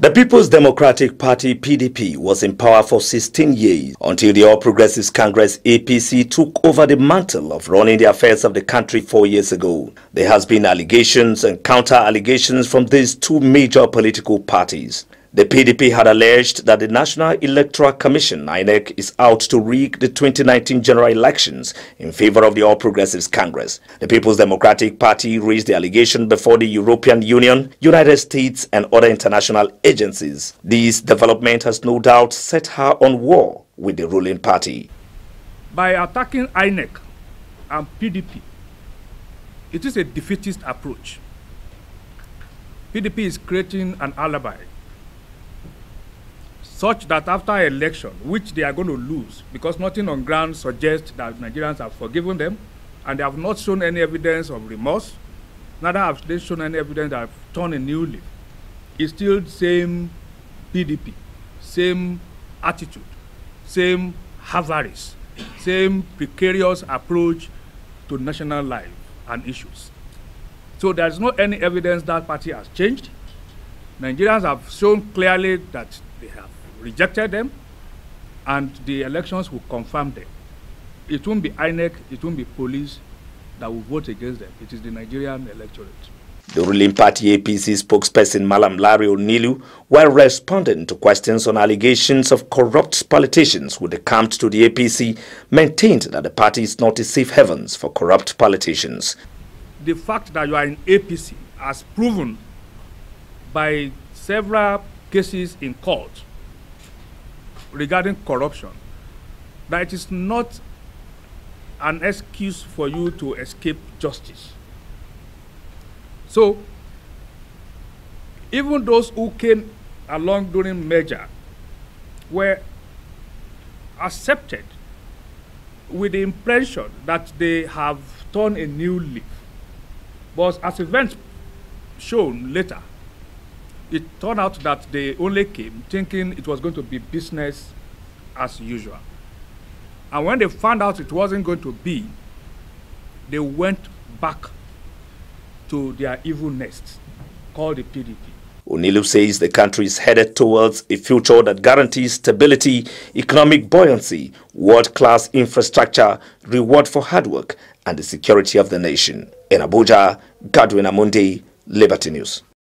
The People's Democratic Party PDP was in power for 16 years until the All Progressives Congress APC took over the mantle of running the affairs of the country four years ago. There has been allegations and counter-allegations from these two major political parties. The PDP had alleged that the National Electoral Commission (INEC) is out to rig the 2019 general elections in favor of the All Progressives Congress. The People's Democratic Party raised the allegation before the European Union, United States and other international agencies. This development has no doubt set her on war with the ruling party. By attacking INEC and PDP, it is a defeatist approach. PDP is creating an alibi such that after election, which they are going to lose, because nothing on ground suggests that Nigerians have forgiven them, and they have not shown any evidence of remorse, neither have they shown any evidence that have turned a new leaf. It's still same PDP, same attitude, same avarice, same precarious approach to national life and issues. So there's no any evidence that party has changed. Nigerians have shown clearly that they have rejected them, and the elections will confirm them. It won't be INEC, it won't be police that will vote against them. It is the Nigerian electorate. The ruling party APC spokesperson Malam Larry O'Nilu, while responding to questions on allegations of corrupt politicians who decamped to the APC, maintained that the party is not a safe haven for corrupt politicians. The fact that you are in APC, as proven by several cases in court, regarding corruption that it is not an excuse for you to escape justice. So, even those who came along during merger were accepted with the impression that they have turned a new leaf. But as events shown later, it turned out that they only came thinking it was going to be business as usual. And when they found out it wasn't going to be, they went back to their evil nest called the PDP. Onilu says the country is headed towards a future that guarantees stability, economic buoyancy, world-class infrastructure, reward for hard work, and the security of the nation. In Abuja, Godwin Amundi, Liberty News.